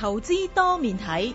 投資多面睇。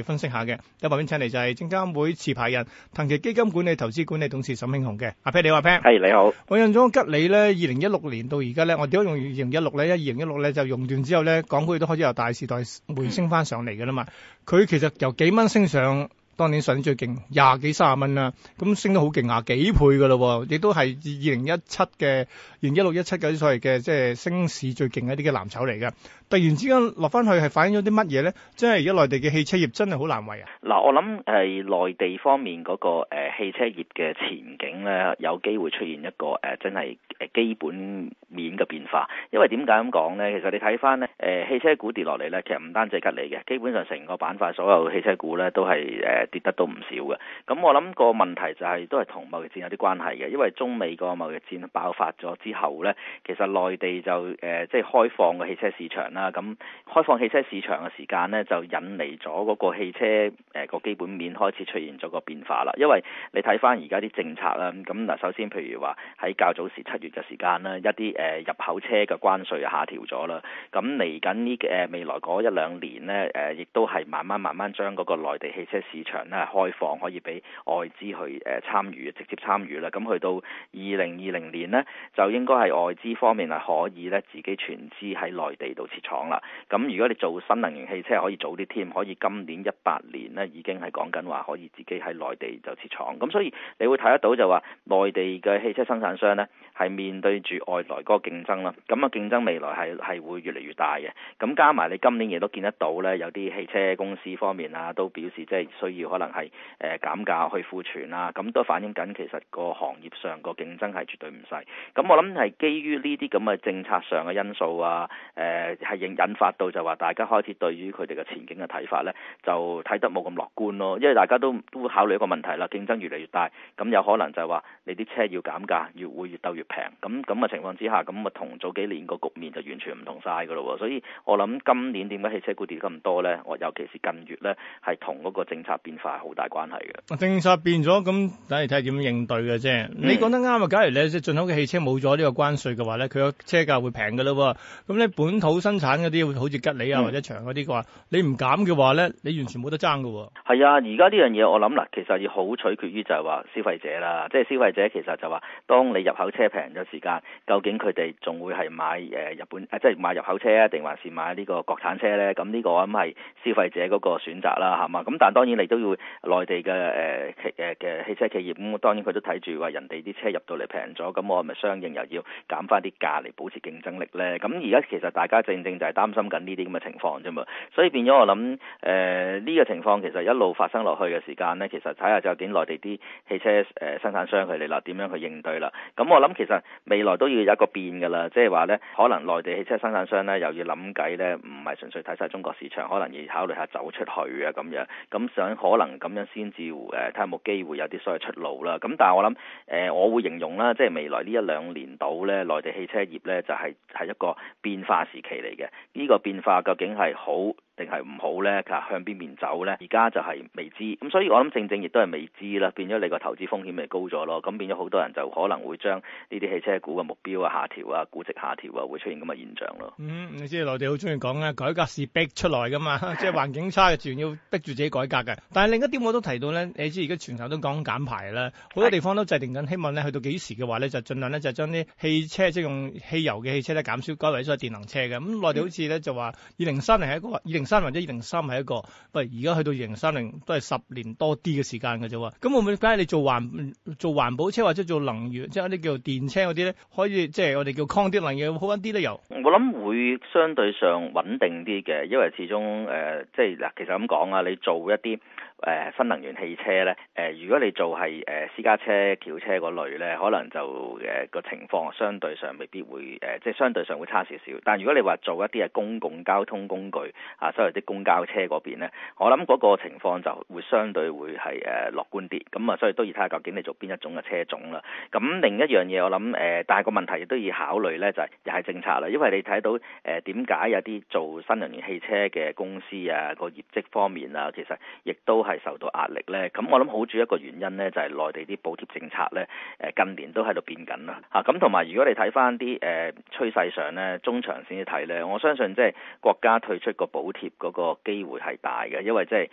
分析一下嘅，有冇請嚟就係證監會持牌人騰祺基金管理投資管理董事沈慶洪嘅，阿皮你話皮，係你好，hey, 你好我印咗吉利咧，二零一六年到而家咧，我點解用二零一六咧？一二零一六咧就熔斷之後咧，港股都開始由大時代回升翻上嚟嘅啦嘛，佢、嗯、其實由幾蚊升上。當年上年最勁，廿幾三十蚊啦、啊，咁升得好勁啊，幾倍噶啦，亦都係二零一七嘅、二零一六一七嗰啲所謂嘅即係升市最勁一啲嘅藍籌嚟嘅。突然之間落翻去，係反映咗啲乜嘢咧？即係而家內地嘅汽車業真係好難為啊！嗱、呃，我諗係、呃、內地方面嗰、嗰個、呃、汽車業嘅前景咧，有機會出現一個誒、呃、真係誒基本面嘅變化。因為點解咁講咧？其實你睇翻咧，誒、呃、汽車股跌落嚟咧，其實唔單止吉利嘅，基本上成個板塊所有汽車股咧都係誒。呃跌得都唔少嘅，咁我諗個問題就係都係同貿易戰有啲關係嘅，因為中美個貿易戰爆發咗之後呢，其實內地就誒即係開放個汽車市場啦，咁、啊、開放汽車市場嘅時間呢，就引嚟咗嗰個汽車誒個基本面開始出現咗個變化啦，因為你睇翻而家啲政策啦，咁、啊、嗱首先譬如話喺較早時七月嘅時間啦，一啲誒入口車嘅關稅啊下調咗啦，咁嚟緊呢誒未來嗰一兩年呢，誒亦都係慢慢慢慢將嗰個內地汽車市場。咧開放可以俾外資去誒參與，直接參與啦。咁去到二零二零年呢，就應該係外資方面係可以咧自己全資喺內地度設廠啦。咁如果你做新能源汽車，可以早啲添，可以今年一八年呢已經係講緊話可以自己喺內地就設廠。咁所以你會睇得到就話內地嘅汽車生產商呢係面對住外來嗰個競爭啦。咁啊競爭未來係係會越嚟越大嘅。咁加埋你今年亦都見得到呢，有啲汽車公司方面啊都表示即係需要。可能係誒、呃、減價去庫存啦、啊，咁都反映緊其實個行業上個競爭係絕對唔細。咁我諗係基於呢啲咁嘅政策上嘅因素啊，誒、呃、係引引發到就話大家開始對於佢哋嘅前景嘅睇法呢，就睇得冇咁樂觀咯。因為大家都都會考慮一個問題啦，競爭越嚟越大，咁有可能就話你啲車要減價，越會越鬥越平。咁咁嘅情況之下，咁啊同早幾年個局面就完全唔同晒㗎咯。所以我諗今年點解汽車股跌咁多呢？我尤其是近月呢，係同嗰個政策變。變化好大關係嘅，政策變咗咁，睇嚟睇下點應對嘅啫。你講得啱啊，假如你即係進口嘅汽車冇咗呢個關稅嘅話咧，佢個車價會平㗎喇喎。咁咧本土生產嗰啲好似吉利啊或者長嗰啲嘅話，你唔減嘅話咧，你完全冇得爭㗎喎。係啊、嗯，而家呢樣嘢我諗嗱，其實要好取決於就係話消費者啦，即、就、係、是、消費者其實就話，當你入口車平咗時間，究竟佢哋仲會係買誒日本、啊、即係買入口車啊，定還是買呢個國產車咧？咁呢個咁係消費者嗰個選擇啦，係嘛？咁但係當然你都，要內地嘅誒誒嘅汽車企業，咁當然佢都睇住話人哋啲車入到嚟平咗，咁我咪相應又要減翻啲價嚟保持競爭力呢。咁而家其實大家正正就係擔心緊呢啲咁嘅情況啫嘛。所以變咗我諗誒呢個情況其實一路發生落去嘅時間呢，其實睇下究竟內地啲汽車誒生產商佢哋啦點樣去應對啦。咁我諗其實未來都要有一個變㗎啦，即係話呢，可能內地汽車生產商呢又要諗計呢，唔係純粹睇晒中國市場，可能要考慮下走出去啊咁樣。咁想可能咁樣先至誒睇下有冇機會有啲所謂出路啦。咁但係我諗誒、呃，我會形容啦，即係未來呢一兩年到咧，內地汽車業咧就係、是、係一個變化時期嚟嘅。呢、這個變化究竟係好？定係唔好咧？向邊邊走咧？而家就係未知，咁所以我諗正正亦都係未知啦，變咗你個投資風險咪高咗咯？咁變咗好多人就可能會將呢啲汽車股嘅目標啊下調啊，估值下調啊，會出現咁嘅現象咯。嗯，你知內地好中意講咧，改革是逼出來㗎嘛， 即係環境差嘅自然要逼住自己改革嘅。但係另一點我都提到咧，你知而家全球都講減排啦，好多地方都制定緊，希望咧去到幾時嘅話咧，就儘量咧就將啲汽車即用汽油嘅汽車咧減少改為咗電能車嘅。咁、嗯、內地好似咧就話二零三零係一個二零。三或者二零三係一個，喂，而家去到二零三零都係十年多啲嘅時間㗎啫喎。咁會唔會，梗係你做環做環保車或者做能源，即係一啲叫做電車嗰啲咧，可以即係我哋叫抗啲能源會好返啲咧？又，我諗會相對上穩定啲嘅，因為始終誒、呃，即係嗱，其實咁講啊，你做一啲。誒新能源汽車咧，誒如果你做係誒私家車、轎車嗰類咧，可能就誒個、呃、情況相對上未必會誒、呃，即係相對上會差少少。但如果你話做一啲係公共交通工具啊，所謂啲公交車嗰邊咧，我諗嗰個情況就會相對會係誒樂觀啲。咁、呃、啊，所以都要睇下究竟你做邊一種嘅車種啦。咁另一樣嘢我諗誒、呃，但係個問題亦都要考慮咧，就係又係政策啦，因為你睇到誒點解有啲做新能源汽車嘅公司啊，個業績方面啊，其實亦都係。係受到壓力咧，咁我諗好主要一個原因咧，就係內地啲補貼政策咧，誒近年都喺度變緊啦嚇，咁同埋如果你睇翻啲誒趨勢上咧，中長線啲睇咧，我相信即係國家退出個補貼嗰個機會係大嘅，因為即係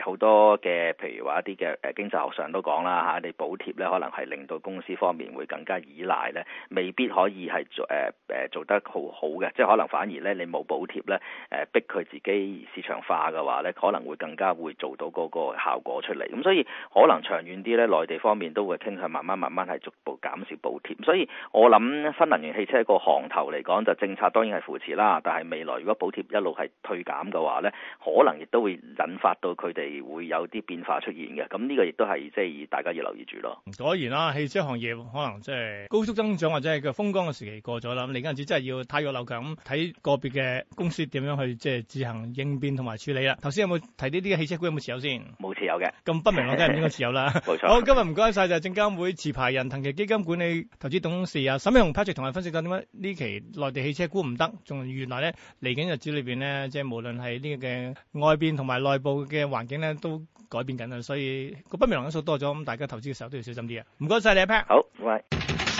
誒好多嘅譬如話一啲嘅誒經濟學上都講啦嚇，你補貼咧可能係令到公司方面會更加依賴咧，未必可以係做誒誒做得好好嘅，即係可能反而咧你冇補貼咧誒逼佢自己市場化嘅話咧，可能會更加會做到嗰個，個效果出嚟，咁所以可能長遠啲呢，內地方面都會傾向慢慢慢慢係逐步減少補貼。所以我諗新能源汽車個行頭嚟講，就政策當然係扶持啦，但係未來如果補貼一路係退減嘅話呢，可能亦都會引發到佢哋會有啲變化出現嘅。咁呢個亦都係即係大家要留意住咯。果然啦、啊，汽車行業可能即係高速增長或者係個風光嘅時期過咗啦。你今次真係要太強個樓價，咁睇個別嘅公司點樣去即係自行應變同埋處理啦。頭先有冇提呢啲汽車股有冇持有先？冇持有嘅，咁不明朗梗係唔應該持有啦。冇錯，好今日唔該曬，就係證監會持牌人騰祺基金管理投資董事啊，沈慶洪 Patrick 同我分析緊點解呢期內地汽車股唔得，仲原來咧嚟緊日子裏邊咧，即係無論係呢個嘅外邊同埋內部嘅環境咧都改變緊啊，所以個不明朗因素多咗，咁大家投資嘅時候都要小心啲啊。唔該曬你啊，Patrick。好，拜拜。